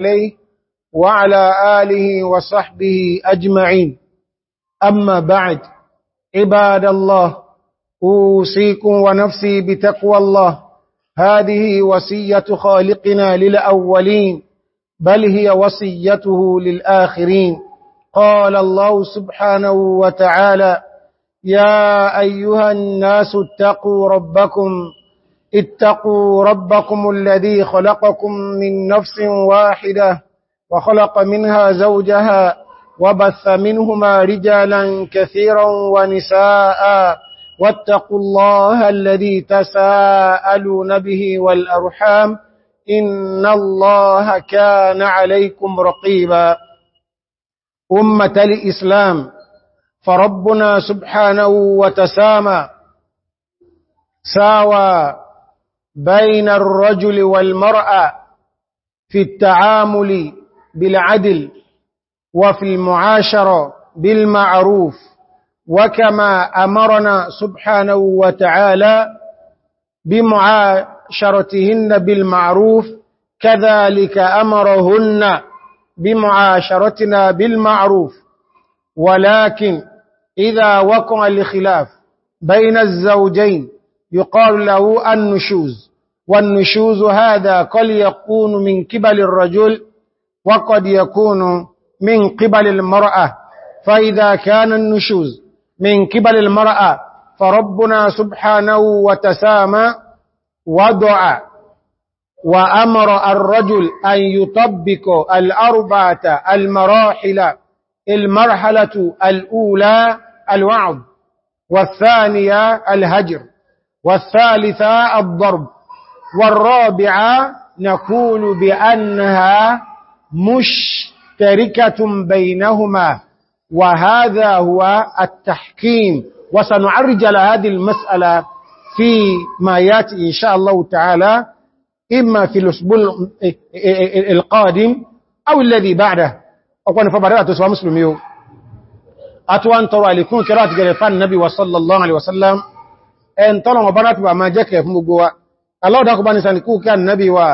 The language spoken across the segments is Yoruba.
عليه وعلى آله وصحبه أجمعين أما بعد عباد الله أوصيكم ونفسي بتقوى الله هذه وصية خالقنا للأولين بل هي وصيته للآخرين قال الله سبحانه وتعالى يا أيها الناس اتقوا ربكم اتقوا ربكم الذي خلقكم من نفس واحدة وخلق منها زوجها وبث منهما رجالا كثيرا ونساء واتقوا الله الذي تساءلون به والأرحام إن الله كان عليكم رقيبا أمة الإسلام فربنا سبحانه وتسامى ساوى بين الرجل والمرأة في التعامل بالعدل وفي المعاشرة بالمعروف وكما أمرنا سبحانه وتعالى بمعاشرتهن بالمعروف كذلك أمرهن بمعاشرتنا بالمعروف ولكن إذا وقع الخلاف بين الزوجين يقال له النشوز والنشوز هذا قد يكون من قبل الرجل وقد يكون من قبل المرأة فإذا كان النشوز من قبل المرأة فربنا سبحانه وتسامى ودعا وأمر الرجل أن يطبق الأربعة المراحل المرحلة الأولى الوعظ والثانية الهجر والثالثة الضرب والرابعة نقول بأنها مشتركة بينهما وهذا هو التحكيم وسنعرج على هذه المسألة في ما ياتي إن شاء الله تعالى إما في الأسبوع القادم أو الذي بعده أقول فبرئة تسوى مسلم يو أتوان ترى لكون كرات جريفان النبي صلى الله عليه وسلم ẹn tọ́lọ̀mọ̀ bá láti bà máa jẹ́kẹ̀ fún gbogbo wa aláwọ̀dákù bá ní sàlìkú kí annabi wa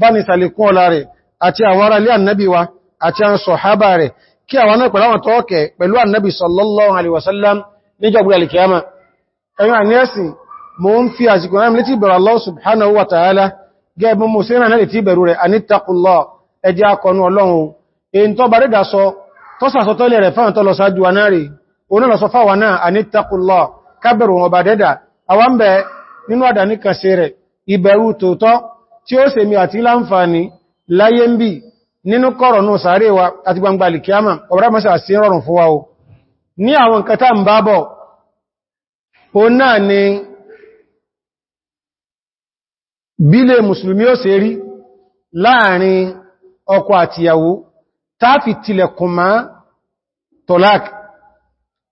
bá ní sàlìkú ọlá rẹ̀ àti àwọn ará ilé annabi wa àti àwọn sọ̀hábà rẹ̀ kí àwọn náà tọ́ọ̀kẹ̀ pẹ̀lú annabi sallallahu alaihi wasallam ní jọgbé alìkìyàmà ẹ̀yìn àníẹ́sì mo ń fi àsìkò náà Allah subhanahu wa ta'ala gẹ́ẹ̀bù mo sínà náà létí bẹ̀rù rẹ̀ anittaqullah ẹjẹ́ akọnu ọlọ́run èyí tó bá rídà sọ tó sàsọ tọ́lẹ̀ rẹ̀ fáwọn tọ́lọ sáájú wa náà rí dẹ́dà àwọn bẹ̀ nínú àdáni kàṣẹ rẹ̀ ìbẹ̀rù tòótọ́ tí ó ṣe ati àti láǹfààní láyé ń bí nínú kọ̀rọ̀ náà sàárè wa àti gbangba alìkíyàmà ọ̀rọ̀ àti rọrùn fún wa o ní àwọn kẹta ń o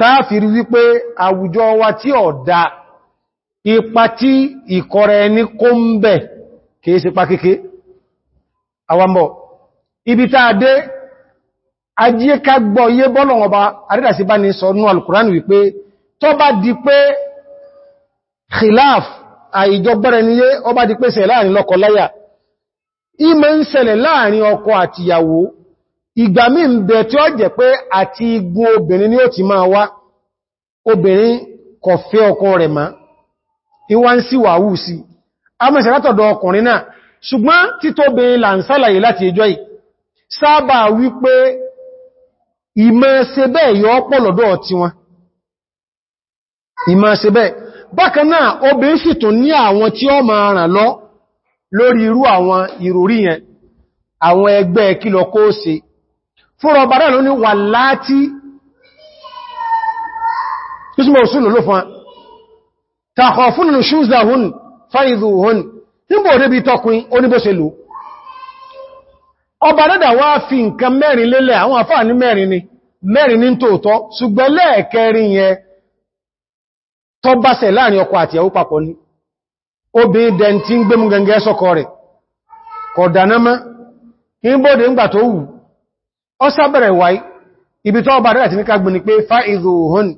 táàfìrí wípé àwùjọ wa tí ọ̀ da ipa tí ìkọrẹ ẹni kó ń bẹ̀ kìí sí pa kéèké àwambọ̀ ibi táa dé ajíká gbọ́ iye bọ́lọ̀ ọba àrídàsí bá ní sọ nú alkùránì wípé tó bá di pé khilaf àìjọgbẹ́rẹ níyé ọba di pé ṣẹlẹ̀ láàrin lọ́kọ láya ìmẹ́ ìgbà mí ń bẹ̀ tí ó jẹ́ pé àti igbó obìnrin ni ó ti máa wá obìnrin kò fẹ́ ọkọ rẹ̀ má ìwá ń sí wàáwú sí amẹ́sẹ̀ látọ̀dọ̀ ọkùnrin náà ṣùgbọ́n títóbìnrin là ń sálàyé láti ẹjọ́ yìí sábà wípé ìmẹ́ẹ̀ṣẹ́bẹ́ yọ pọ̀lọ̀dọ̀ ti wọn ìmẹ́ẹ̀ṣẹ́bẹ́ fúnra ọba náà ló ní wà láti ismọ̀ òsùnù ló fún tàkọ̀ fún ní hún fáìdù hún nígbò tọkùn oníbóṣèlú ọba wá fi nǹkan mẹ́rin lélẹ̀ àwọn àfáà ní mẹ́rin ni mẹ́rin ní tòótọ́ ṣùgbọ́n lẹ́ẹ̀kẹrin yẹn ọsábẹ̀rẹ̀ wáyé ibi tó ọba rẹ̀ ti ní kágbùn ni pé fáìzò hùn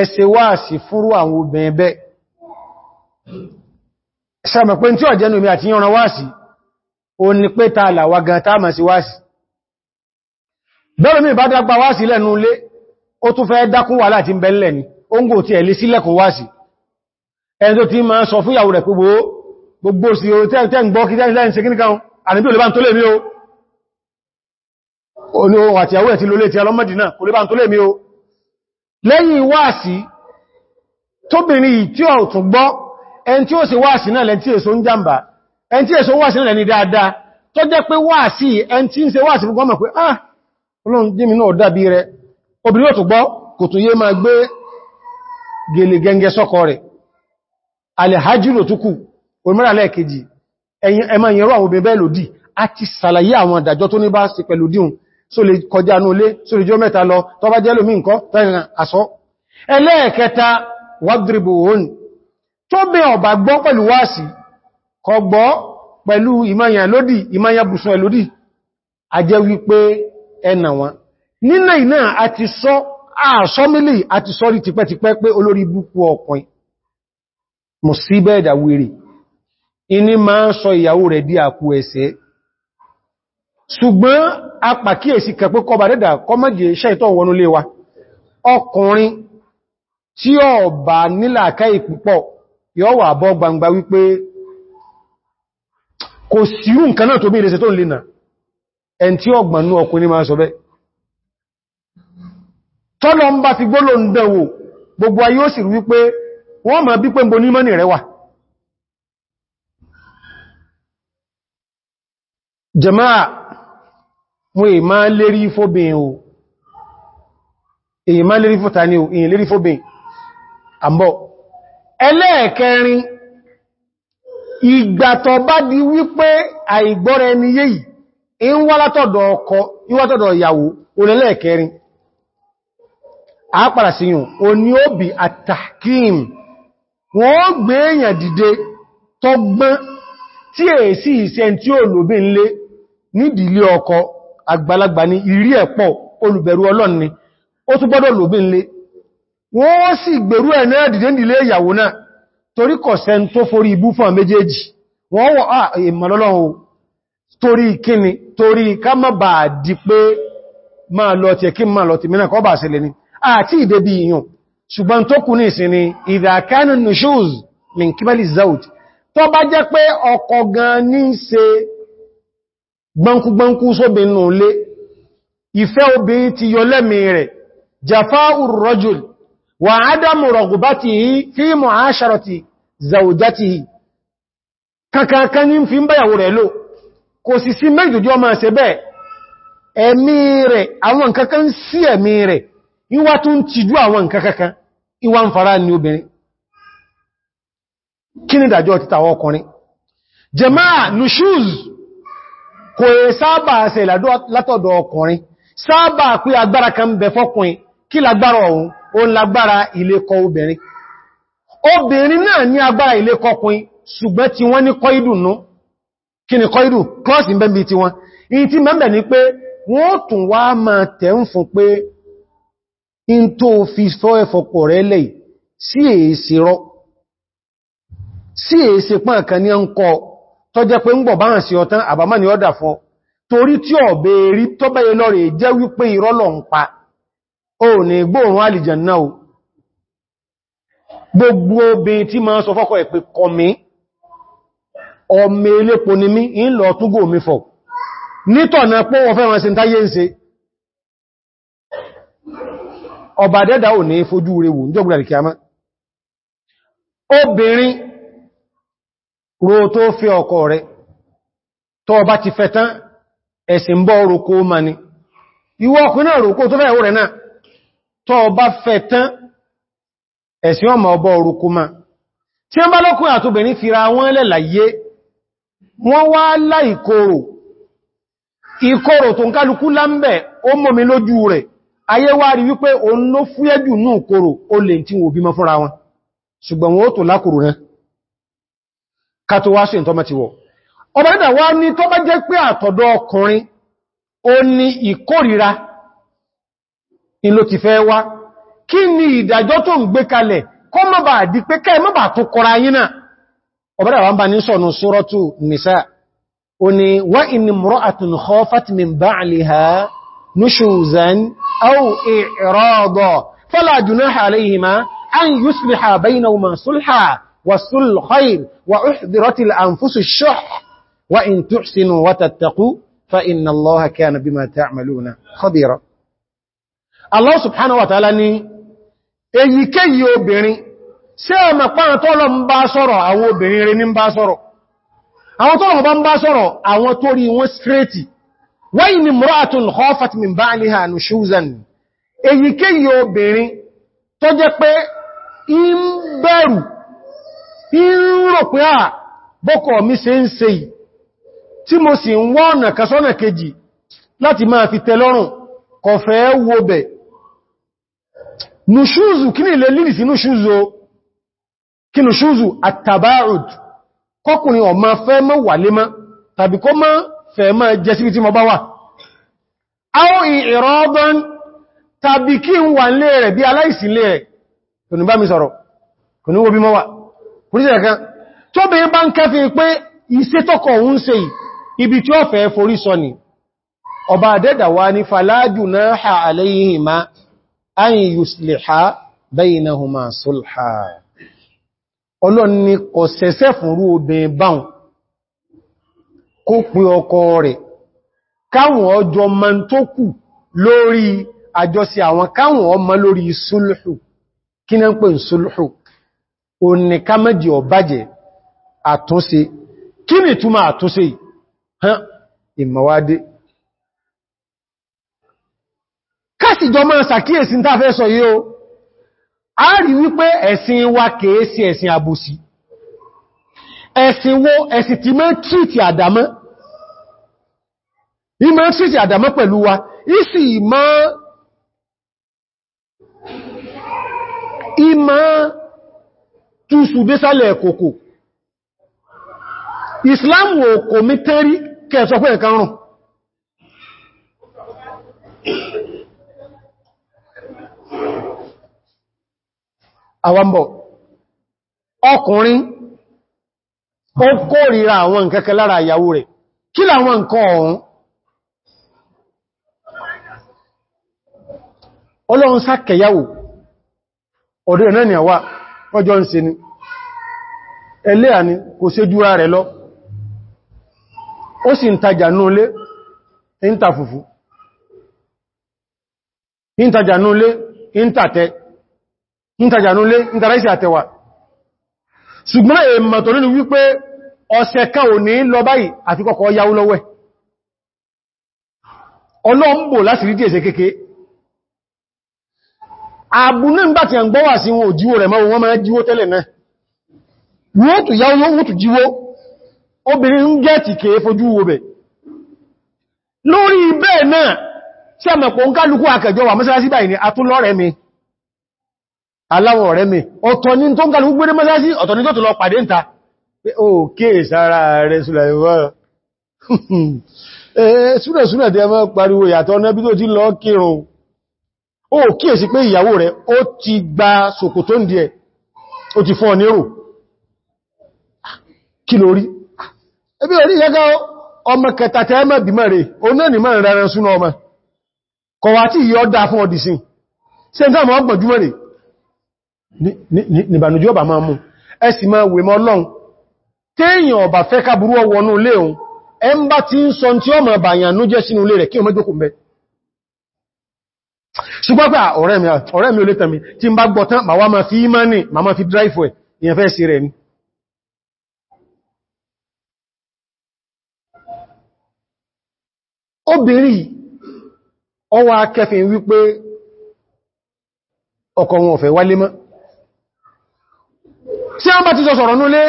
ẹsẹ̀ wá sí fúrú àwọn obìnrin bẹ́ ṣàmọ̀ pé tí ọ̀jẹ́nu mi àti yọ́nà wá sí o ní pé ta àlàwà gan táàmà sí wá sí bẹ́rẹ̀ mi bá dápa wá sí lẹ́nu ilé ó tún fẹ́ dákún wà láti bẹ́lẹ̀ ni ó ń gò tí ẹ̀lé sílẹ̀kùn wá sí ẹni tó ti máa sọ fún ìyàwó rẹ̀ pé gbogbo sí orí tẹ́ gbọ́ kí tẹ́ olóòwò àti àwẹ́ ti lólé ti alọ́mọ́dínà kò lè bá ń tó lè mí o lẹ́yìn wáàsí tóbìnrin tí ó tún gbọ́ ẹn tí ó sì wáàsí náà lẹ́n tí èso ń jàmbá ẹn tí èso wáàsí lẹ́ni dáadáa tó jẹ́ pé wáàsí ẹn tí ń ṣe wáàsí fún pé ah Ọlọ́run jẹ́ mi náà dàbí rẹ obìnrin yóò tún gbọ́ kò tún yé máa gbé gèlè gẹngẹ sọ́kọ rẹ̀ alẹ́hájúrò tó kù òmìnira lẹ́ẹ̀kejì ẹ̀mọ̀ ìyẹ̀rọ àwọn obìnrin bẹ́ẹ̀ so le kọjá ní olé so le jọ mẹ́ta lọ tó bá jẹ́ lómi nǹkan tẹ́rìnà àṣọ́ ẹlẹ́ẹ̀kẹta wádìrìbò òun tó bẹ ọ̀bà gbọ́ pẹ̀lú wáàsí kọ gbọ́ pẹ̀lú ìmáyà lódì ìmáyà bùsùn ẹlódì a jẹ́ wípé ẹnà wọn nínà iná àti sọ àṣọ́mílì àti sọ́rí tipẹ́tipẹ́ ṣùgbọ́n a pàkíyèsí kẹ̀pẹ́ kọba dẹ́dà kọmọ́dé iṣẹ́ ìtọ́ wọnú lé wa ọkùnrin tí ó bá nílàkà ìpúpọ̀ yóò wà bọ́ gbangba wípé kò síú nǹkan náà tó bí ìrẹsẹ̀ tó ń lena ẹn tí mboni mọ́ni rẹ̀ wà jama'a mo èmá lérí fóbin o èyí má lérí fóta ní o èyí lérí fóbin àmbọ̀ ẹlẹ́ẹ̀kẹrin ìgbàtọ̀ bá di wípé àìgbọ́ra ẹni yéyìí in wá látọ̀dọ̀ ọkọ in wá látọ̀dọ̀ ìyàwó olẹ́lẹ́ẹ̀kẹrin àápàdà sí yùn o ní òbí àtàkìm wọ́n gbé èèyàn dìde tọgbọ́n tí èsì ìṣẹ́ tí ó lòbí nídìílé ọkọ àgbàlagbà ni ìrí ẹ̀pọ̀ olùbẹ̀rù Ọlọ́run ni ó tún gbọ́dọ̀ lòbí nlé wọ́n sì gbèrú ẹ̀ náà dìde nílé ìyàwó náà torí kọ̀sẹ̀ tó forí ibú fún méjèèjì wọ́n wọ́n à ah, ìmọ̀lọ́lọ́run torí kíni torí ká má bà di pé ni àti ìdẹ bí ìyàn ṣùgbọ́n tó kù ní ìsinmi ìdàkánù gbanku gbanku nù lé ìfẹ́ obì ti yọ lẹ́mì rẹ̀ jafa'ur rajul wa adamu raghbatihi fi mu'asharati zawjatihi kankankan ní fi ń báyàwó rẹ̀ lò kò sì sí mẹ́jọjọ́ máa ṣe bẹ́ẹ̀ ẹ̀mí rẹ̀ àwọn nǹkankan sí ẹ̀mí rẹ̀ ìwà tún ti jú àwọn nǹkankan ìwà ń fara ní obìnrin kí ni ìdàjọ́ títàwọ́ ọkùnrin jẹ́máà nushuz kò è sábà ṣe ìlàdó látọ̀dọ̀ ọkùnrin sábà pé agbára kan bẹ fọ́kùnrin kí lágbára ọ̀hún o ń lágbára ilékọ obìnrin obìnrin náà ní agbára ilékọ ọkùnrin ṣùgbọ́n tí wọ́n ní kọ́ìdù nú kí ni kọ́ìdù klọ́sì mẹ́bí tí wọ́n in ti mẹ́bẹ̀ ni pé wọ́n tún wá máa tó jẹ́ pé ń gbọ̀ báhàn sí ọ̀tán àbámá ni ọ́dà fún torí tí ọ̀ bèèrí tó bẹ́yẹ lọ rẹ̀ jẹ́ wípé ìrọ́lọ̀ ń pa o ní gbóòrùn àlìjànnà o gbogbo obìnrin tí ma ń sọ fọ́kọ̀ ẹ̀ pé mí. ọmọ elépo ni mí ń lọ túgò mi fọ̀ nítọ̀nà pọ́ wọ́n fẹ́ wọn sí táyé ń ṣe ọba dẹ́dà ò ní fojú rewò ní jọ́gbùn àríkìá obìnrin ro to fi ọkọ rẹ tọ ọba ti fẹ́ tán ẹ̀sìn bọ́ roko ma ni ìwọ ọkùn náà roko tó fẹ́ rẹ̀ náà tọ ọba fẹ́ tán ẹ̀sìn ọmọ ọbọ̀ ma tí ó bá fira wọ́n lẹ̀ wọ́n wá láìkòrò ìkòrò tó ń kálukú lámbẹ̀ ó mọ́mi lójú rẹ̀ ayé wá rí wípé òun ló fúyẹ́jù náà kòrò ó lè tí wò bímọ fúnra wọn wọ́n ó kàtò wá sí ìntọ́mà ti wọ́. ọba ìdà wá ní tó bá jẹ́ pé àtọ̀dọ̀ ọkùnrin ó ní ìlò ti fẹ́ wá kí ni ìdájọ́ tó ń gbé kalẹ̀ kọ́ mọ́ bà dí pé kẹ́ mọ́ bà tó kọra yínà ọba suratu nisa wa nushuzan an sulha وسل الخير وأحذرت الأنفس الشح وإن تحسنوا وتتقوا فإن الله كان بما تعملون خبيرا الله سبحانه وتعالى ni èyíkéyìí obìnrin ṣé ọmọ pàán tọ́lọ ń bá sọ̀rọ̀ àwọn obìnrin rẹ̀ ní ń bá sọ̀rọ̀ àwọn tọ́lọ bá ń bá sọ̀rọ̀ àwọn tó rí wọn skrétì wáyí ni mọ́ràtún hofat min bá ní hànú ṣúzan èyíkéyìí obìnrin tó pé ń bẹ̀rù ìrò pé à bọ́kọ̀ mi ṣe ń ṣe tí mo sì ń wọ́n ọ̀nà kasọ́nà kejì láti máa fi tẹ́lọ́rùn kọ̀ fẹ́ wo bẹ̀ nùṣúzù kí ní ilẹ̀ lílì sí nùṣúzù kí nùṣúzù àtàbárùd kọkùnrin ọ̀ máa fẹ́ mọ́ wà lé mọ́ tàbí kó máa fẹ́ máa jẹ síbi kò ní bá mi sọ̀rọ̀ kò ní wo bí mọ́ wà oríṣẹ́ kan tó bí bá ń kẹfì pé iṣẹ́ tọ́kọ̀ ń ṣe ibi tí ó fẹ́ forí sọ ni ọba àdẹ́dà wa ní falájú náà ha alayhima an yusliha baynahuma sulha ọlọ́n lórí àjọsí àwọn káwọn ọmọ lórí sulhu kí náà pè ń sulhu òní ká mẹ́jì ọ̀bájẹ̀ àtúnṣe kí ni túnmà àtúnṣe hàn ìmọ̀wádé kásìjọ máa sàkíyèsí ń tàfẹ́ sọ yíó a rí wípé ẹ̀sìn wa kèé sí ẹ̀sìn àbòsí ẹ̀sìn wo ẹ̀sìn tí mẹ́ tríìtì àdámọ́ ìmọ̀ tríìtì àdámọ́ pẹ̀lú wa ìsì ìmọ̀ túsù désàlẹ̀ kòkò ìsìláàmù òkò mi tẹ́rí kẹsọ pé ẹ̀kan rùn àwọ̀mbọ̀ ọkùnrin ó kórìíra àwọn nkẹ́kẹ́ lára ìyàwó rẹ̀ kí làwọn nǹkan ọ̀hún ọlọ́run sákẹ̀yàwó ọdún náà ni àwà ọjọ́ ń ṣe ni ẹlẹ́ àní kò ṣe dúra rẹ̀ lọ ó sì ń tajà núlé ń ta fùfú ń tajà núlé ń tàtẹ ń tajà núlé ń ìsì àtẹwà ṣùgbọ́n èèmọ̀ tó nínú wípé ọ̀sẹ̀ kan ò ní báyìí àti àbú náà ń bá ti àgbọ́wà sí wọn ò jíwó rẹ̀ mọ́ wọn máa jíwó tẹ́lẹ̀ náà wọ́n tó yá wọ́n tó jíwó obìnrin ń jẹ́ ti kèé fojú wo bẹ̀ lórí bẹ́ẹ̀ náà tí a mẹ́kọ̀ ń kálukú akẹjọ wà mọ́sálásí ni a tún lọ́rẹ̀ mi aláwọ̀ ọ̀rẹ́ mi ọ̀tọ̀ ni tó ń kálukú eh, a pariwo ó kíyèsí pé ìyàwó rẹ̀ ó ti gba ṣòkòtò ń díẹ̀ ó ti fún ọ kí ló rí ẹbí orí ọmọ kẹta o náà ni mọ́ ọmọ fún ọba máa mú ẹ sì máa wè mọ́ lọ́n téèyàn ọba fẹ́ ti ń sọ tí ọmọ bàyàn nújẹ́ sínú ilé rẹ̀ kí ọmọ ṣùgbọ́n pé ọ̀rẹ́ mi olè mi tí ń bá ma ma fi imani ma ma fi dráìfù ẹ̀ ìyẹn fẹ́ sí rẹ̀ ní obìnrin ọwọ́ akẹfin wípé wọn ọ̀fẹ́ wálé mọ́ a bá ti sọ sọ̀rọ̀ núlé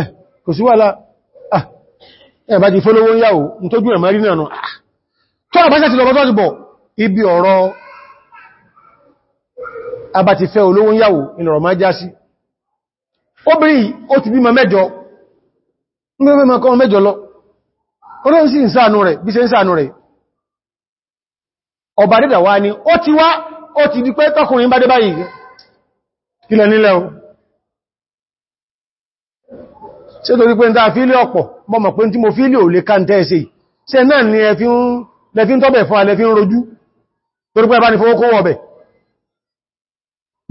eh, kò sí wàhálà ẹ̀bá ti náà tó ti lọ bọ́ abá ti fẹ́ olówó yàwó ìlọ̀rọ̀ máa já sí obìnrin ó ti bímọ mẹ́jọ mẹ́mẹ́mẹ́ kọ́ mẹ́jọ lọ olóhun sí ìsànú rẹ̀ bí ṣe ìsànú rẹ̀ ọba dídà wá ní ó ti wá ó ti di pé tọkùnrin bá dé báyìí kílẹ̀ nílẹ̀ o ṣe torí pé ń ta fílì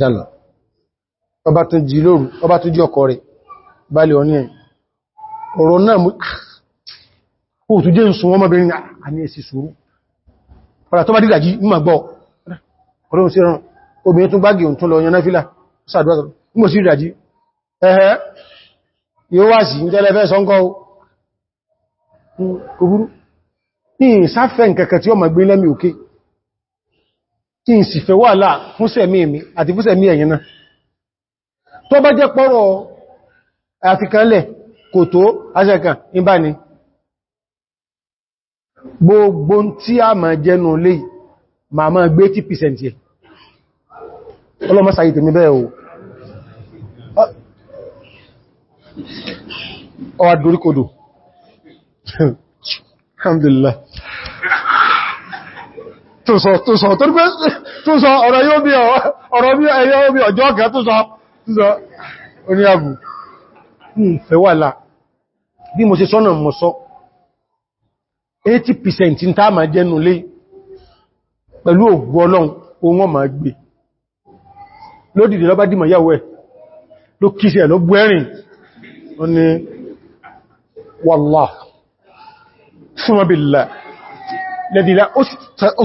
jálọ ọba tún jí lóru ọba tún jí ọkọ rẹ̀ balẹ̀ ọ̀ní ẹ̀ ọ̀rọ̀ náà mú kò ah! tún jẹ́ ìsùn ọmọbìnrin àní ah, èsì sùúrù ọ̀rọ̀ tó bá dìgbàjí mímọ̀ gbọ́ ọ̀rọ̀ sí rán obìnrin tún gbági òun tún lọ yan náfílà kí n sì fẹ́ wà láà fúnsẹ̀mí èmi àti fúnsẹ̀mí ẹ̀yin náà tó bá jẹ́ pọ́rọ̀ àfikanlẹ̀ kò tó aṣẹ́kan ìbá ni gbogbo tí a máa jẹnu lè ma máa gbé 80% ẹ̀ ọlọ́mọ́sáyé tèmi bẹ́ẹ̀ o ọwà doríkodò alhamdulillah tó sọ tó sọ tó rípé tó sọ ọ̀rọ̀ yóò bí ọ̀rọ̀ bí ẹyọ bí ọjọ́ ọ̀gá tó sọ tó sọ oníyàgù fẹ́ bí mo ṣe sọ́nà mọ̀ sọ 80% ń tá máa jẹ́nu lé pẹ̀lú ògbò ọlọ́run ohun ọmọ gbé lódìdì lọ bá dìmọ̀ yàwó ẹ̀ ló kíṣẹ̀ ló gbẹ́rìn ó ní wàlláh fún ọbìlá lẹ́dìlá ó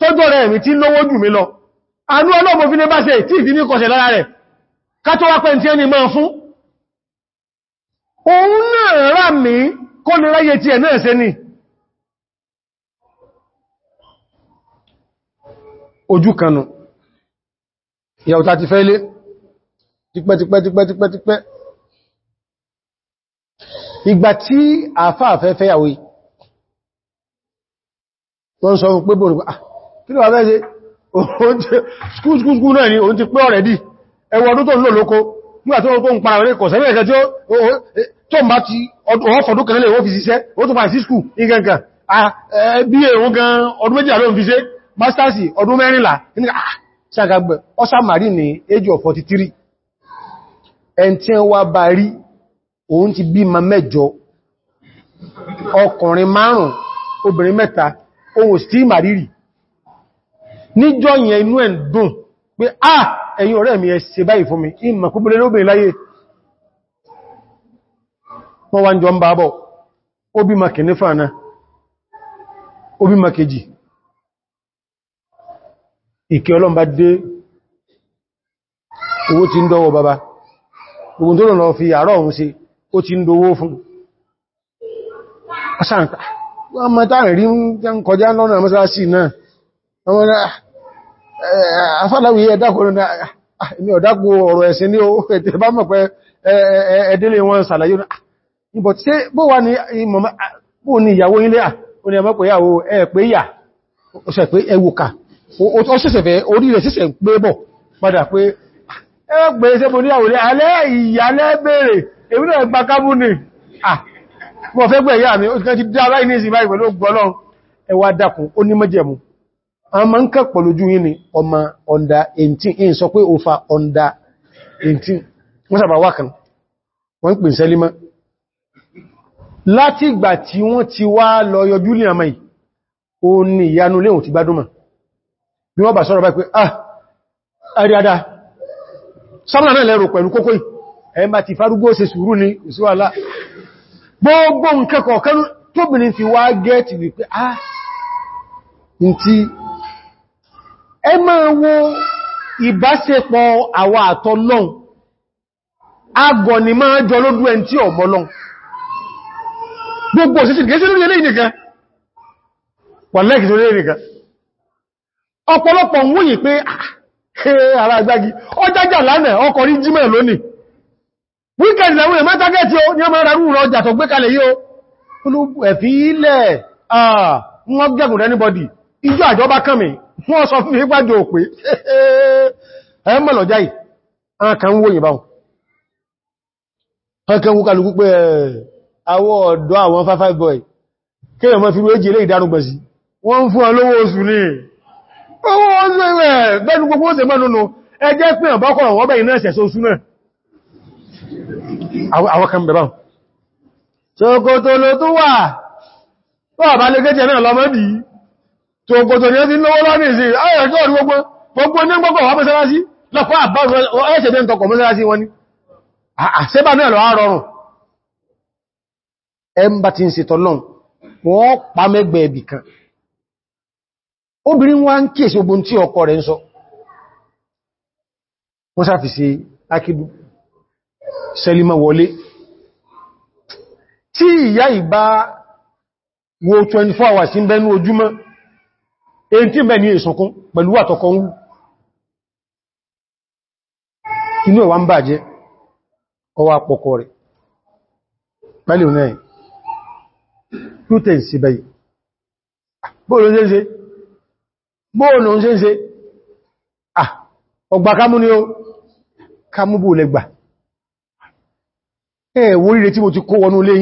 tọ́jọ́ rẹ̀ mi tí lówó jù mí lọ anú ọlọ́mọ fi ní bá ṣe tí ìdí ní kọsẹ̀ lára rẹ̀ kátọ́wà pẹ́ tí ẹni máa fún òun náà rà mí kó ní ráyé tí ẹ̀ náà ṣe ojú kanu ìyàwó ti fẹ́ ilé tipẹ́tipẹ́tipẹ́tipẹ́ wọ́n sọ fún pé bòrò ah kí ló wà bẹ́ẹ̀ ṣe skúskúskú náà ni òun ti pé ọ̀rẹ́dì ẹwọ ọdún tó ń lò lóko nígbà tó ń para rẹ̀ kọ̀ sẹ́rẹ̀ ẹ̀kẹ́ tó ń bá ti ọ̀fọ̀dún kan lè wọ́n fi ṣiṣẹ́ ó tó padà sí skú ìgankan bí èèwọ̀n gan ọdún méjì àlóhun fi ṣe masters ọdún mẹ́rìnlá ah, ṣàgbẹ̀ níjọ́ yẹn inú ẹ̀ dùn pé à ẹ̀yìn ọ̀rẹ́ mi ẹ ṣe báyìí fún mi ìmọ̀ púpúrẹ́ lóbìnrin láyé wọ́n wá ń jọ ń bá bọ̀ ó makẹ̀ ní fàánà ìkẹ́ owó ti ń dọ́wọ́ bàbá gbogbo tó fi ti Eh, eh, afáláwí ẹ̀dàkùn ní àmì ọ̀dàkùn ọ̀rọ̀ ẹ̀sìn ní ẹ̀tẹ̀ bá mọ̀ pé ẹ̀dílé wọn sàlàyé níbọ̀ tí bó wà ní ìyàwó ilé à ó ní ọmọ pé yàwó ẹ̀pẹ́ yà ó sẹ̀ pé ẹwùkà ó sẹ̀sẹ̀ fẹ́ orí rẹ̀ sẹ̀sẹ̀ pé bọ̀ padà pé ẹgbẹ̀ ṣe mo ní àwòrẹ alẹ́ ìyàlẹ́ bèèrè èmi náà gba kábù ní à mọ̀ fẹ́ gbẹ̀ yà mi ó ti kẹ́ ti dá aláìní ìsìn báyìí pẹ̀lú ọgbọ́lọ́ ẹwà dákùn ó ní mẹ́jẹ̀mù a ma ń kẹ́ pọ̀lójú yìí ni ọmọ ọ̀ndà 18 in sọ pé òfà ọ̀ndà 18 wọ́n sàbà wà kan wọ́n ń pè sẹ́límá láti ìgbà tí wọ́n ti wá lọ yọjú ní àmà o ní ìyanu léhùn ti gbádùn bí wọ́n bà sọ́rọ̀ bá pé ah àríadá sọ́mọ̀nà náà lẹ́rù pẹ̀lú kókó ẹ̀mbà ti farúgbó ṣe sùúrù ní ìsúwàlá gbogbo nkẹ́kọ̀ọ́ kan tóbìnrin fi ẹ máa wo ìbáṣepọ̀ àwa àtọlọ́un agọ̀ ni máa jọ lójú ẹn tí ọmọ lọ́n gbogbo òṣìṣì gẹ́sí lórí ilé ìnìkan pọ̀lẹ́kì lórí ìnìkan ọ̀pọ̀lọpọ̀ ń wòyìn pé ah, ara àgbági ọjájà lánàá ọkọ̀ rí jímẹ̀ lónìí wíkẹ̀ndì làwọn èèmọ́ tágẹ́tì ó ní ọmọ ara rúrọ ọjà tó gbé kalẹ̀ yóò olóògbò ẹ̀fí ilẹ̀ ah, wọ́n gẹ́gùn rẹ̀ níbọ̀dì ìjọ àjọba kàmì wọ́n sọ fún mi gbájọ òpé ẹmọ̀ lọ jáì ọkàn wó yìnbá ọkàn wó kàlùkú pé àwọ ọ̀dọ́ àwọn 55 boy kéèyàn mọ́ fi wé jẹ́ ilé ìdárúgbẹ̀ sí wọ́n fún ọlọ́wọ́ oṣù ní owó oṣù ẹ̀wẹ̀ bẹ́nu gbogbo oṣù mẹ́nu ẹjẹ́ pé ọ̀bọ́kọ̀rọ̀ wọ́bẹ̀ iná ẹ̀sẹ̀ oṣù náà àwọn kan bẹ̀rọ ṣokòtò ló tó wà tó àbálẹ́gẹ́jẹ̀ náà lọ́mọ́dìí tó gbogbo ní ọdí lọ́wọ́ lọ́nà ìsì ayẹ̀kọ́ ọ̀rọ̀ gbogbo gbogbo ní gbogbo wà mẹ́sánásí lọ́pọ̀ àbáwẹ́sẹ̀dẹ́ ǹtọ̀kọ̀ mẹ́sánásí wọn ni àṣẹ́bà náà lọ àárọrùn ẹmbà ti ń se tọ́lọ́n wọ́n pa mẹ́gbẹ̀ ẹbì kan obìnrin wá ń kíèsí ogun tí ọkọ rẹ̀ ń sọ wọ́n sáfìsí akídú sẹ́límà wọlé tí ìyá ìbá wo 24 hours ń bẹ́nu ojúmọ́ èyí tí mẹ́ ní ìṣọ̀kún pẹ̀lú àtọ̀kọ̀ ń inú ẹ̀wà ń bàjẹ́ ọwà pọ̀kọ̀ rẹ̀ pẹ̀lú náà lútẹ̀ ìsìbẹ̀yì bóòlù ń ṣe bóòlù ń ṣe ọgbà kámú ni ó kámú bó lẹ́gbà ẹ̀wọ́ ríre tí mo ti kó wọnú lé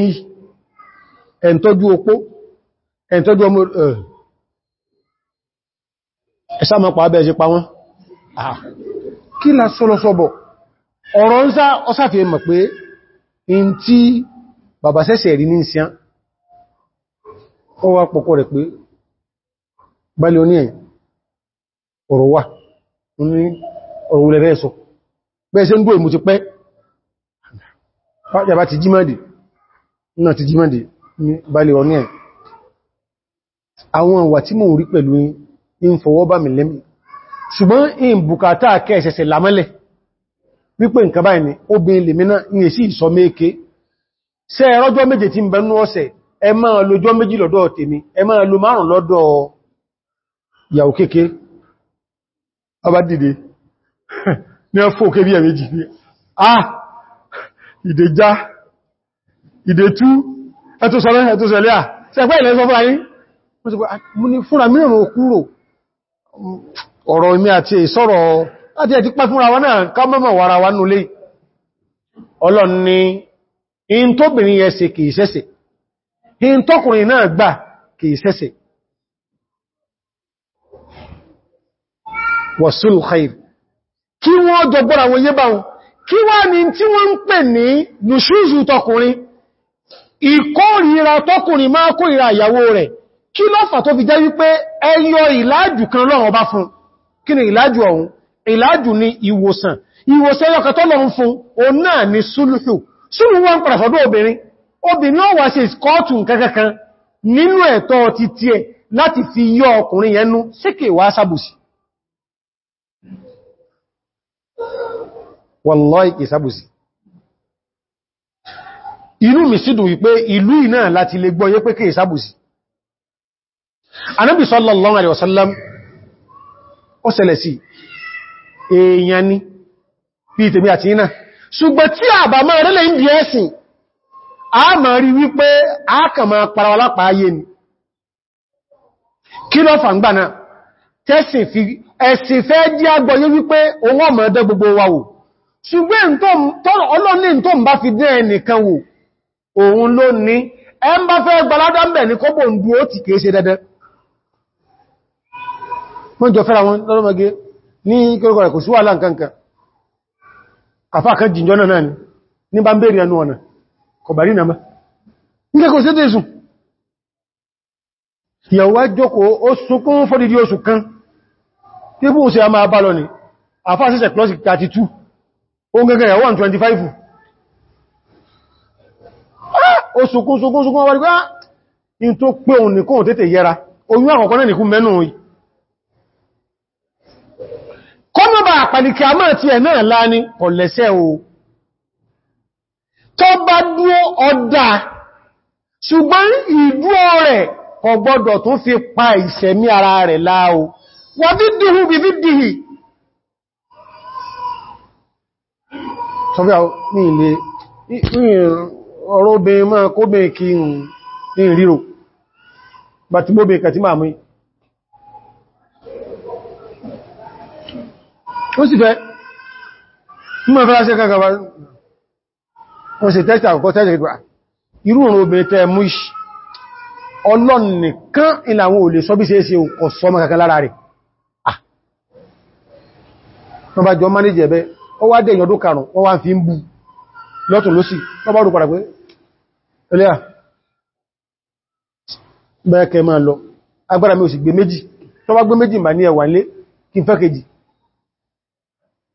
ẹ̀sá mọ́ pa abẹ́ ẹ̀ṣẹ́ pa wọ́n ah. kí la sọ́lọ́sọ́bọ̀ ọ̀rọ̀ ń sá ọsáfẹ́ mọ̀ pé in tí bàbá sẹ́sẹ̀ rí ní ìsìn ó wá pọ̀kọ́ rẹ̀ pé bálẹ̀ oní ẹ̀yìn ọ̀rọ̀ wà ní ọ̀rọ̀ ulẹ̀ bẹ́ẹ̀ in fọwọ́ bá mi lẹ́mì ṣùgbọ́n in bukata kẹsẹsẹ̀ lámọ́lẹ̀ wípé nǹkan báyìí ni ó bí ilẹ̀ mìíràn ní èsì ìsọ méèké ṣe ẹ̀rọ́jọ́ méje tí ń bẹnú ọ̀sẹ̀ ẹ máa lójọ́ méjì lọ́dọ̀ tèmi ẹ máa lo márùn lọ́dọ̀ yàwó kéèké ọba dìde ní ọ fóòké bí ẹ̀mẹ́jì ní ah ìdè já ìdè tú ẹ̀tọ́ sọ́rọ̀ ẹ̀tọ́ sọ́lẹ́ à ṣẹ̀pẹ́ ilẹ̀ sọ fún ayé mú ní fúnra mìíràn okúrò ọ̀rọ̀ imi àti ìsọ́rọ̀ láti ẹ̀ ti pẹ́ fúnra wa náà ká mọ́mọ̀ wara wa nulé ọlọ́ni in tóbìnrin yẹ ṣe kìí ṣẹ́ṣẹ̀ in tọ́kùnrin náà gbà kìí ṣẹ́ṣẹ̀ wọ̀sùl khair kí wọ́n jọgbọ́ra wọn yé báwọn kí wá ní tí wọ́n ń pè ní nùṣúṣù tọkùnrin ìkórìíra tọkùnrin máa kórìíra ìyàwó rẹ̀ kí ló fà tó fi jẹ́ wípé ẹyọ ìlàjù kan lọ́wọ́ bá fún kí ni ìlàjù ọ̀hún ìlàjù ni ìwòsàn ìwòsàn ẹyọ kẹtọ́ lọ́run fún o náà ni súlùsù súlù wọ́n padà sọ́dọ̀ obìnrin obìnrin ó wá ṣe skọ́ọ̀tù kankan nínú ẹ̀tọ́ ti tiẹ̀ láti fi yọ ọkùnrin yẹnu síkè wá sábùsì wallahi kì sábùsì inú mi sídùn wípé ìlú ìnáà láti lè gbọ́ yé pé kì sábùsì anábì sallallahu alaihi wasallam sí èèyàn ni bí i tèmi àti iná ṣùgbọ́n tí àbà máa rẹ́lẹ̀ a ma rí wípé a kà máa ayé ni kí ló fàǹgbà tẹ́sìn fẹ́ jí agbọ́yé wípé ọmọdé gbogbo wa wò wò òun ló ní ẹ wọ́n jọ fẹ́ra wọn lọ́lọ́mọ́gé ní kíkọ́rọ̀kọ́ rẹ̀ kò sí wàhálà nǹkankan àfáàkan jìnjọ́ náà ni ní bá ń bèèrè ẹnu ọ̀nà kọ̀bàrí nàmá nígbẹ́kọ̀ sí tẹ́sùn ìyàwó ajọ́kọ̀ ó sunkún fọ́dìdí oṣù kan tí bú ṣe a máa bá lọ ní àfáà sẹ́sẹ̀ plus 32 ó kọ́nàbà àpàdìkì àmà ti ẹ̀ náà láni ọ̀lẹ́sẹ̀ o tó bá dúó ọ̀dá ṣùgbọ́n ìdúó rẹ̀ kò gbọ́dọ̀ tó fi pa ìṣẹ̀mí ara rẹ̀ láo wà dídìhù bí dídìhì sọ́fíà ní ilé ọ̀rọ̀ obìnrin máa kóbìnrin ó sì fẹ́ mọ́ fẹ́ láṣẹ́ kankan wá wọ́n sì iru àkọ́kọ́ tẹ́sì ìgbà irú òun obìnrin tẹ́ mú ìṣì ọlọ́nìkan ìlàwọn ò lè sọ bí ṣe é ṣe kọ̀ sọ mọ́ kankan lára rẹ̀ wọ́n bá jọ mánéjì ẹ̀bẹ́ ó wá dé ìyọdún karùn-ún fi ń bú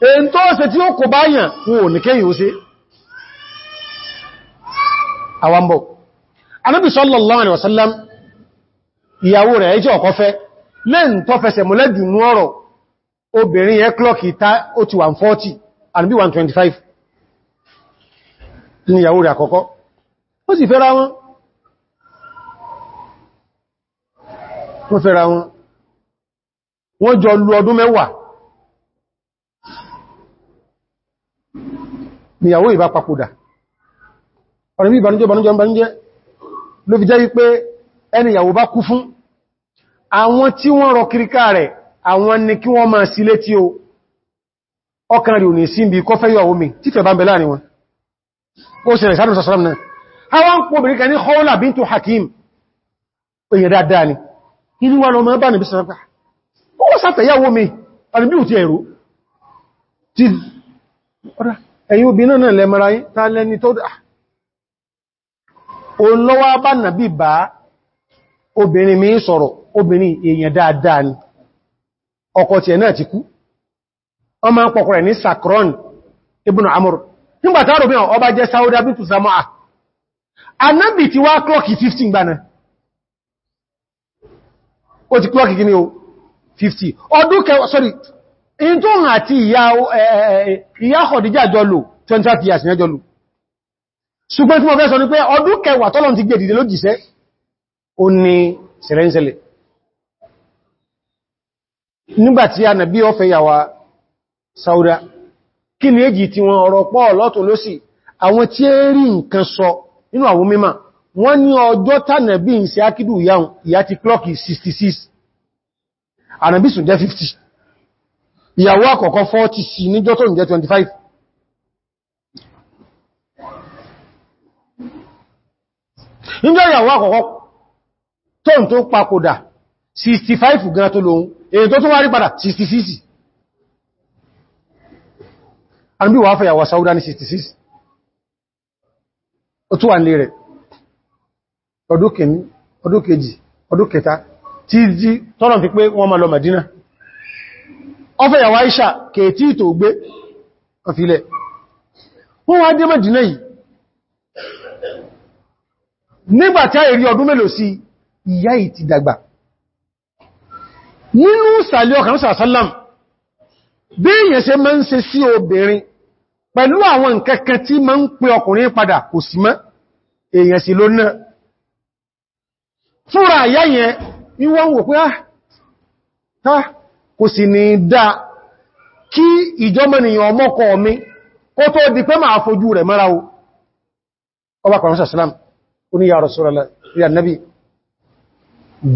èyí tó ṣe tí ó kò bá yàn wọn ò ní kéyìn ó sí àwambọ̀ anábì sallallahu alaihi wasallam ìyàwó rẹ̀ ẹjọ́ ọkọ fẹ́ lẹ́n tó fẹsẹ̀ mọ́lẹ́jù ní ọ̀rọ̀ obìnrin yẹ klọ́kì ta ó ti 140 anábì 125 ní ìyàwó rẹ̀ àkọ́kọ́ ó sì fẹ́ra wọn wọ́n fẹ́ra wọn wọ́n jọ lu ọdún mẹ́wàá níyàwó ìbá papòdà ọ̀rẹ́ bí ìbànújẹ́ ìbànújẹ́ ìbànújẹ́ ló fi jẹ́ wípé ẹni ìyàwó bá kú fún àwọn tí wọ́n rọ kíríká rẹ̀ àwọn ni kí wọ́n máa sí létí o ọkàn rí òní sí ibi kọfẹ́ yọ omi tí fẹ̀ bá ń bẹ láàrin wọn ó sì ni inú wa lọ mọ́ bá nìbí sọ́rọ̀ ó mi ti ọ̀rá ẹ̀yìn obìnrin náà lẹ́mọ́ra yí tá lẹ́ni tó dà o lọ́wọ́ bá nàbí bá obìnrin mi sọ̀rọ̀ obìnrin èèyàn dáadáa ni ọkọ tiẹ̀ náà ti kú ọmọ pọ̀kọ̀ rẹ̀ ní sakron ibn amur nígbàtà rò ọba jẹ́ ti o 50 sorry in tó hàn àti ìyá ọ̀díjà jọlù 25 years ní ẹjọlù ṣùgbọ́n tí mo fẹ́ sọ ní pé ọdún kẹwàá tọ́lọ̀ ti gbé ìdìdè ló jìṣẹ́ ó ní sẹ̀rẹ́ǹsẹ̀lẹ̀ nígbàtí ànàbí ọfẹ́ yàwà Sauda kí ni èjì tí wọn ọ̀rọ̀ pọ̀ lọ́tún lósì àwọn tí ó rí nǹkan sọ nínú àwọn mímọ̀ wọ́n ní ọjọ́ tànàbí ìsẹ́ akídù ìyá ti klọ́kì 66 ànàbí jẹ́ ìyàwó àkọ́kọ́ 40 sí níjọ́ tó ń jẹ́ 25 níjọ́ ìyàwó àkọ́kọ́ tó ń tó papòdà 65 gan tó lóhun èyí tó tó wá rí padà 66 àbí wà fẹ́ ìyàwó sáúdá ní 66 ó tó wà ní rẹ̀ ọdún kìíní ọdún kejì ọdún kẹta tí tọ́lọ̀ fi pé wọ́n ma lọ Mẹ̀dínà ọfẹ́ ìyàwó Aisha kèètí ìtò gbé ọfilẹ̀ wọ́n wá dé Mẹ́dínà yìí nígbàtí a èrí ọdún mélòó sí ìyá yìí ti dàgbà nínú ìsàlẹ̀ ọkàn sàásálàm bí èyàn ṣe máa ń ṣe sí obìnrin pẹ̀lú àwọn nkẹ́kẹ́ tí máa ń pè ọkùnrin padà kò sí mọ́ èyàn sí ló náà fúra àyá yẹn ìwọ́n wò pé ah, ah kò sì ní dá kí ìjọmọ̀nìyàn ọmọkọ̀ mi kó tó di pé máa fojú rẹ̀ mọ́ra o ọba kọ̀rọ̀sà islam oníyà rasulallah rí annabi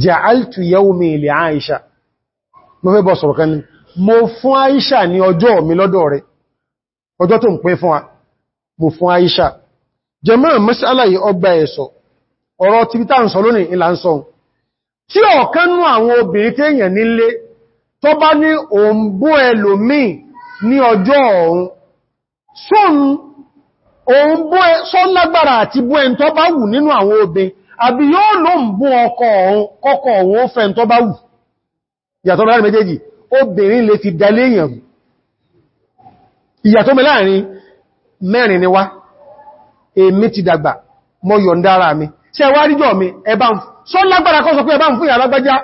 ja'altu yawmi kan aisha mi aisha ọgbà ẹ̀sọ̀ ọ̀rọ̀ ń sọ lónìí ìlànsọ̀ tí àwọn obìnrin tó bá ní òǹbó ẹlòmíì ní ọjọ́ ọ̀run só lágbára àti bú ẹn tó bá wù nínú àwọn obin àbí yóò ló ń bú ọkọ ọ̀run kọkọ ọ̀run ó fẹ́ tó bá wù ìyàtọ̀ láàrin méjèèjì obìnrin lè ti dalé èèyàn mi ṣe wá ríjọ́ mi ẹbá ń sọ lágbára kọ́ sọ pé ẹbá ń fún ìyà lágbájá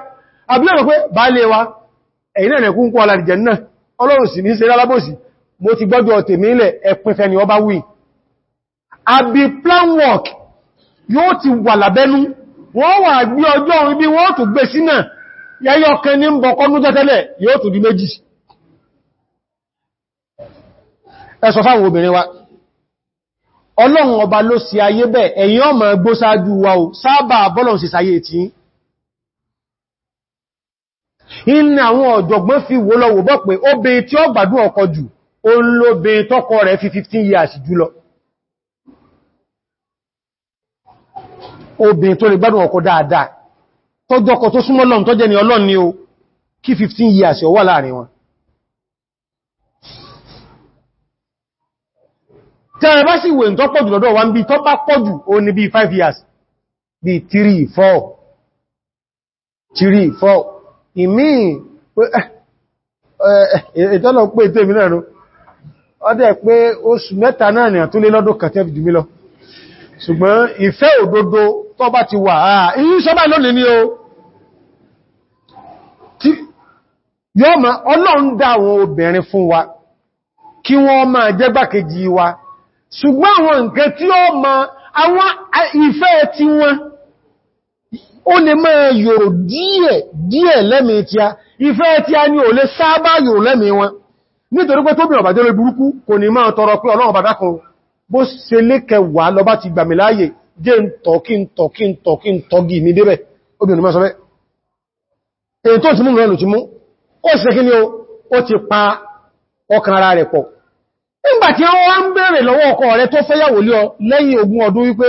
ẹ̀yìn náà nẹ̀kún kọ́ alàrìjẹ̀ náà ọlọ́run sì ní ṣe lálábòsí mo ti gbọ́jọ́ tèmílẹ̀ ẹ̀pìnfẹ́ ni ọba wí àbí plan work yóò ti wà lábẹ́nú wọ́n wà gbé ọjọ́ orí bí wọ́n tó gbé sínà yẹ́yọ́ kan ní bọ̀kọ́nú jẹ́tẹ́lẹ̀ yóò tó di méjì ẹ sọ fáwọn obìnrin iná àwọn ọ̀jọ̀gbọ́n fi wó lọ́wọ́ bọ́ pé ó bèé tí ó gbádùn ọkọ jù ó ń ló bèé tọ́kọ rẹ̀ fi 15 years jùlọ obìnrin tó lè gbádùn ọkọ dáadáa tọ́jọ́kọ tó súnmọ́ lọ́n tọ́jẹ́ ni ọlọ́n ni o kí 15 years ó wà láàrin wọn tẹ́rẹ bá sì wè ń tọ́pọ̀ jù lọ́dọ̀ wa years bí 3 4 3 4 ìmí ìtọ́lọ̀ pé eh, eh, eh, tèmi náà ọdẹ́ pé oṣù mẹ́ta náà ni àtúnlé lọ́dún kàtẹ́ jù mí lọ ṣùgbọ́n ìfẹ́ ododo tọba ti wà àà inú sọ́bà lónìí ni o yóò máa ọlọ́run dá àwọn obìnrin fún wa kí wọ́n máa jẹ́gbàkejì wa ṣùgbọ́n àwọn nǹkan tí ó ma àwọn ìfẹ́ ti wọn ó lè mọ́ yòrò díẹ̀ díẹ̀ lẹ́mí tí a ìfẹ́ tí a ní ò lè sábà yòrò lẹ́mí wọn nítorí pé tóbi ọ̀bàdé lórí burúkú kò ní máa tọrọ pé ọlọ́run bàbá kan bó ṣe lé kẹwàá lọ bá ti gbàmì láàyè jẹ́ mi débẹ̀ obìnrin ti pa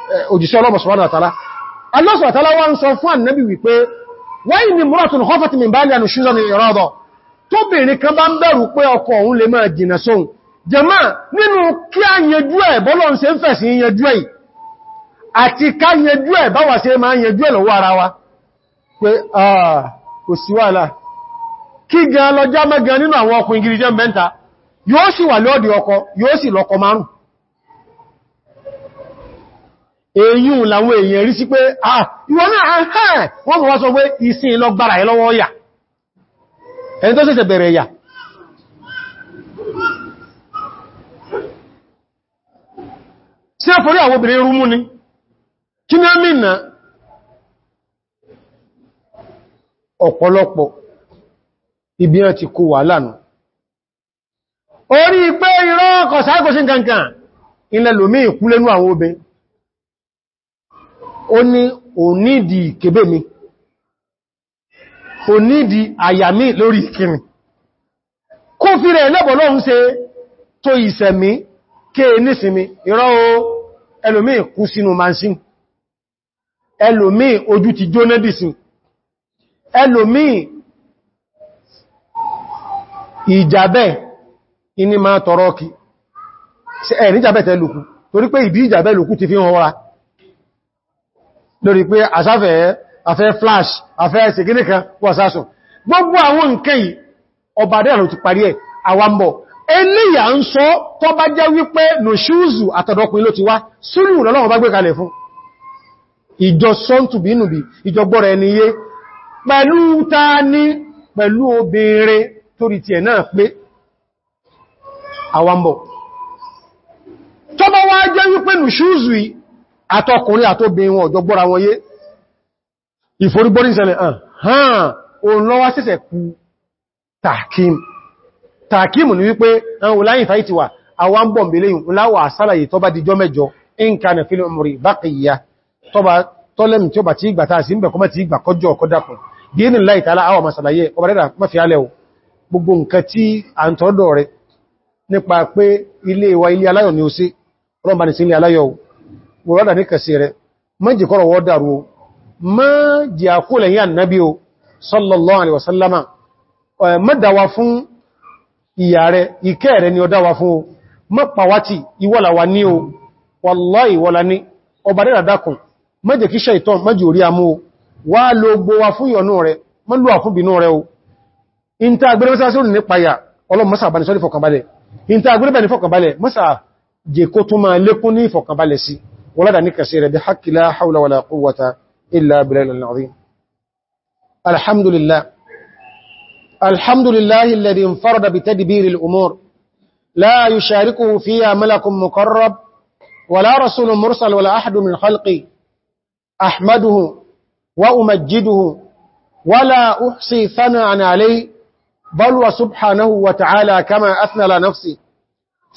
òjíṣẹ́ Ọlọ́hun subhanahu wa ta'ala Allah subhanahu wa ta'ala wá ń sọ fún Ànábì wípé wáyé ni múratùn hafati min bá ní ànúṣúzọ́ ni ìrọ́dọ̀ tó bèèrè kan bá ń bẹ̀rù pé ọkọ òun lè máa jìnà sóhun jẹma nínú kí a yẹjú ẹ̀ bọ́lọ́ ń ṣe ń fẹ̀sí yẹjú ẹ̀ àti ká yẹjú ẹ̀ báwà ṣe máa yẹjú ẹ̀ lọ́wọ́ ara wa pé kò sí wàhálà kí gan lọ já mẹ́gan nínú àwọn ọkùnrin gírí jẹ́ mẹ́ta yóò sì wà lọ́ọ̀dì ọkọ yóò sì lọ́kọ márùn-ún èyún làwọn èèyàn rí sí pé ah ìwọ náà ahẹ́ wọ́n mọ̀ wá sọ pé ìsìn lọ́gbàrà ẹ lọ́wọ́ ọ̀yà ẹni tó bẹ̀rẹ̀ ẹ̀yà sí àwọn obìnrin rúmú ni kí ní ibi ti kó wà orí pé àwọn ó ní onídi ìkébé mi onídi àyàmí lórí ìkíni kó fi rẹ̀ lẹ́bọ̀ lọ́hun ṣe tó ìsẹ̀mí ké nísìmí ìrọ́ o ẹlòmí kú sínú mansin ẹlòmí ojú ti jóná dìsìn ẹlòmí ìjàbẹ̀ ìní máa tọrọ kí ẹ̀rí ìjàbẹ̀ tẹ́lùkù torí pé ìdí ìjàbẹ̀ lùkù ti fi hàn wọ́ra lórí pé àṣáfẹ́ afẹ́ flash afẹ́ ṣègínìkan wà sásùn gbogbo àwọn nǹkan yìí ọba dẹ́rùn ti parí ẹ̀ àwambọ̀ eléyà ń sọ tó bá jẹ́ wípé nòṣúùzù àtọ̀dọ̀kùnrin ló ti wá súnú lọ́lọ́wọ́ bá gbé àtọkùnrin àtóbin wọn ọ̀jọ́ gbọ́ra wọn yé ìforígbórí ìṣẹ̀lẹ̀ ah, hàn òun lọ́wọ́ sẹ́sẹ̀ kú tàkím tàkím ní wípé àwọn oláyìn fàyí ti wà àwọn bọ̀m̀bẹ̀lẹ̀ láwọ̀ àsálàyé tọ́bá dijọ́ mẹ́jọ in kana fil umri baqiya tọ́bá tọ́lẹ̀mì tí ó bà tí ìgbà tàà sí ń bẹ̀kọ́ mẹ́tí ìgbà kọjọ́ ọkọ́ dákùn bí ní láì tààlà àwọn masàlàyé ọba rẹ̀dà mọ́fí ilé wa mọ̀rọ̀dà ní kẹsì rẹ̀ mọ́jì kọ́rọ̀ wọ́ dàrú o mọ́jì àkúlẹ̀ yà nábi o sallallahu alaihi wasallama mọ́dáwà fún ìyà rẹ̀ ìkẹ́ rẹ̀ ni ó dáwà fún o mọ́pàwátì ìwọ́làwà ní o wallahi ìwọ́là ní ọba rẹ̀ dákùn mọ́jì kí ṣaitan mọ́jì orí amú o wá lo gbó wa fún yọnú rẹ̀ mọ́lú àfúbìnú rẹ̀ o ìntà agbẹ́rẹ́ mọ́sá sórí nípa yà jẹ́kó tó máa lékún ní ìfọkànbalẹ̀ sí ولا نكسير بحق لا حول ولا قوة إلا بليل العظيم الحمد لله الحمد لله الذي انفرد بتدبير الأمور لا يشاركه فيها ملك مقرب ولا رسول مرسل ولا أحد من خلقي أحمده وأمجده ولا أحصي ثناء عليه بل وسبحانه وتعالى كما أثنى لنفسي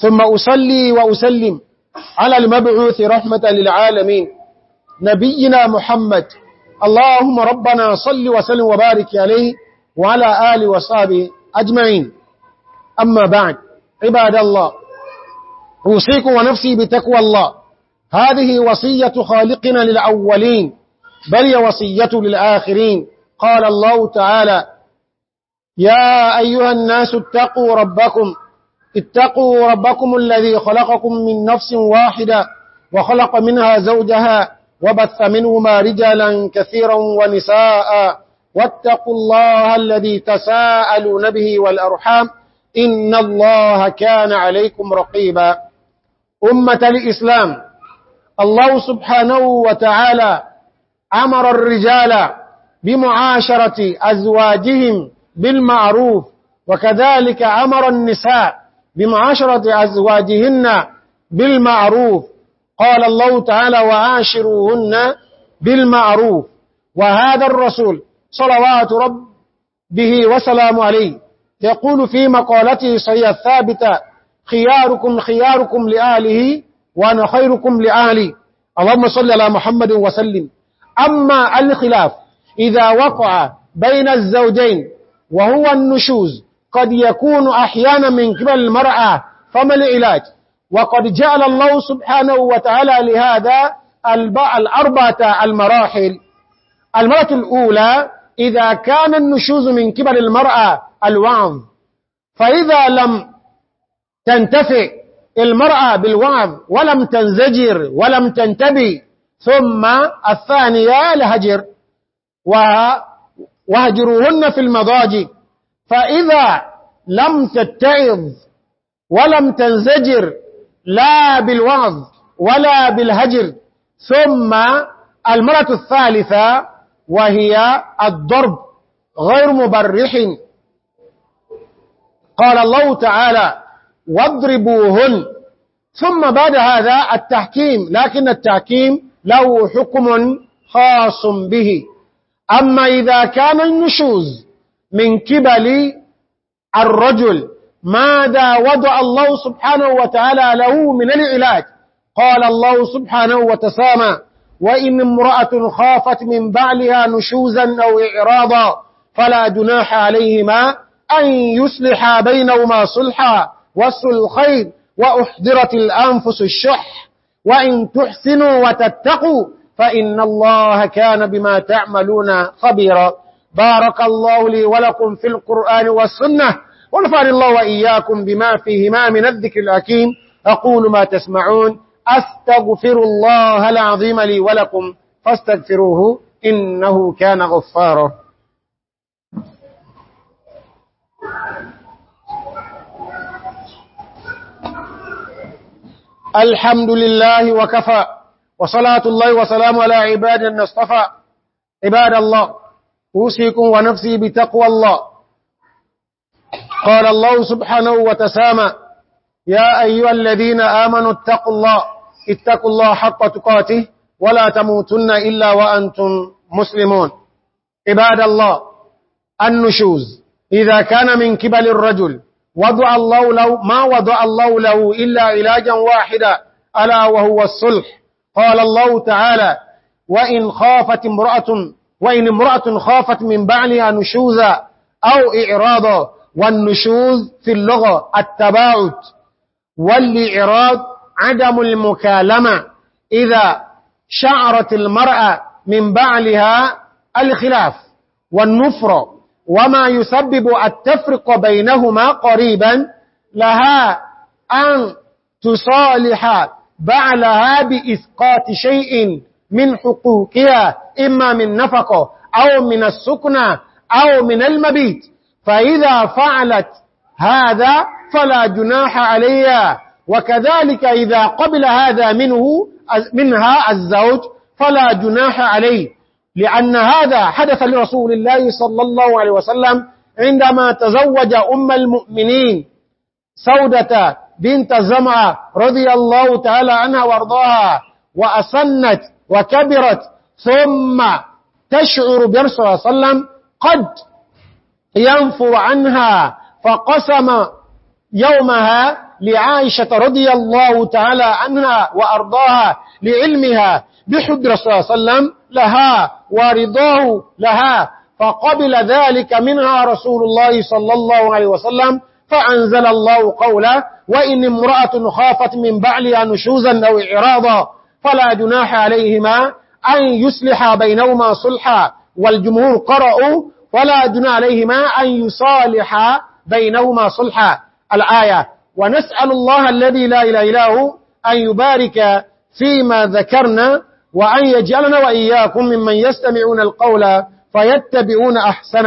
ثم أصلي وأسلم على المبعوث رحمة للعالمين نبينا محمد اللهم ربنا صل وسلم وبارك عليه وعلى آل وصحبه أجمعين أما بعد عباد الله أوصيكم ونفسي بتقوى الله هذه وصية خالقنا للأولين بل وصية للآخرين قال الله تعالى يا أيها الناس اتقوا ربكم اتقوا ربكم الذي خلقكم من نفس واحدة وخلق منها زوجها وبث منهما رجالا كثيرا ونساء واتقوا الله الذي تساءلون به والأرحام إن الله كان عليكم رقيبا أمة الإسلام الله سبحانه وتعالى أمر الرجال بمعاشرة أزواجهم بالمعروف وكذلك أمر النساء بمعاشرة أزواجهن بالمعروف قال الله تعالى وعاشروهن بالمعروف وهذا الرسول صلوات رب به وسلام عليه يقول في مقالته صحية الثابتة خياركم خياركم لآله وأنا خيركم لآلي اللهم صل على محمد وسلم أما الخلاف إذا وقع بين الزوجين وهو النشوز قد يكون أحيانا من قبل المرأة فما العلاج وقد جعل الله سبحانه وتعالى لهذا الأربعة المراحل المرة الأولى إذا كان النشوز من قبل المرأة الوعظ فإذا لم تنتفع المرأة بالوعظ ولم تنزجر ولم تنتبي ثم الثانية لهجر وهجروهن في المضاجئ فإذا لم تتعظ ولم تنزجر لا بالوعظ ولا بالهجر ثم المرة الثالثة وهي الضرب غير مبرح قال الله تعالى واضربوهن ثم بعد هذا التحكيم لكن التحكيم له حكم خاص به أما إذا كان النشوز من قبل الرجل ماذا وضع الله سبحانه وتعالى له من العلاج قال الله سبحانه وتسامى وإن امرأة خافت من بعلها نشوزا أو إعراضا فلا جناح عليهما أن يسلحا بينهما صلحا الخير وأحضرت الأنفس الشح وإن تحسنوا وتتقوا فإن الله كان بما تعملون خبيرا بارك الله لي ولكم في القرآن والسنة ونفعل الله وإياكم بما فيهما من الذكر الأكيم أقول ما تسمعون أستغفر الله العظيم لي ولكم فاستغفروه إنه كان غفارا الحمد لله وكفى وصلاة الله وسلام على عباد النصطفى عباد الله أوصيكم ونفسي بتقوى الله قال الله سبحانه وتسامى يا أيها الذين آمنوا اتقوا الله اتقوا الله حق تقاته ولا تموتن إلا وأنتم مسلمون عباد الله النشوز إذا كان من كبل الرجل وضع الله له ما وضع الله له إلا علاجا واحدا ألا وهو الصلح قال الله تعالى وإن خافت امرأة وإن امرأة خافت من بعلها نشوزا أو إعراضا والنشوز في اللغة التباعد والإعراض عدم المكالمة إذا شعرت المرأة من بعلها الخلاف والنفر وما يسبب التفرق بينهما قريبا لها أن تصالح بعلها بإسقاط شيء من حقوقها إما من نفقه أو من السكنة أو من المبيت فإذا فعلت هذا فلا جناح عليها وكذلك إذا قبل هذا منه منها الزوج فلا جناح عليه لأن هذا حدث لرسول الله صلى الله عليه وسلم عندما تزوج أم المؤمنين سودة بنت زمعة رضي الله تعالى عنها وارضاها وأسنت وكبرت ثم تشعر برسول صلى الله عليه وسلم قد ينفر عنها فقسم يومها لعائشة رضي الله تعالى عنها وأرضاها لعلمها بحب رسول الله صلى الله عليه وسلم لها ورضاه لها فقبل ذلك منها رسول الله صلى الله عليه وسلم فأنزل الله قولا وإن امرأة خافت من بعلها نشوزا أو إعراضا فلا جناح عليهما أن يصلح بينهما صلحا والجمهور قرأوا ولا دون عليهما أن يصالح بينهما صلحا الآية ونسأل الله الذي لا إله إلا هو أن يبارك فيما ذكرنا وأن يجعلنا وإياكم ممن يستمعون القول فيتبعون أحسن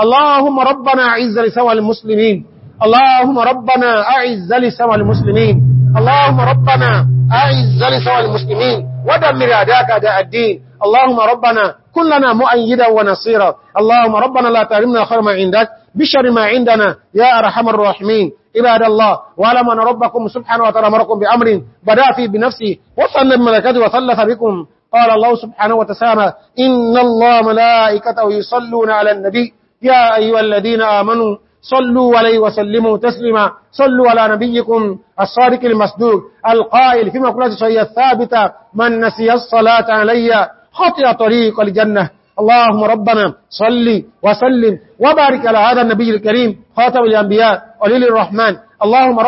اللهم ربنا أعز لسوى المسلمين اللهم ربنا أعز لسوى المسلمين اللهم ربنا أعز لسوى المسلمين ودمر أداك أداء الدين اللهم ربنا كلنا مؤيدا ونصيرا اللهم ربنا لا تهرمنا خير ما عندك بشر ما عندنا يا أرحم الراحمين عباد الله وعلم أن ربكم سبحانه وتعالى أمركم بأمر بدأ فيه بنفسه وصلنا بملكته وثلث بكم قال الله سبحانه وتسامى إن الله ملائكته يصلون على النبي يا أيها الذين آمنوا صلوا عليه وسلموا تسلما صلوا على نبيكم الصادق المصدوق القائل فيما مقولة شيء الثابتة من نسي الصلاة علي خطئ طريق الجنة اللهم ربنا صلي وسلم وبارك على هذا النبي الكريم خاتم الأنبياء وليل الرحمن اللهم رب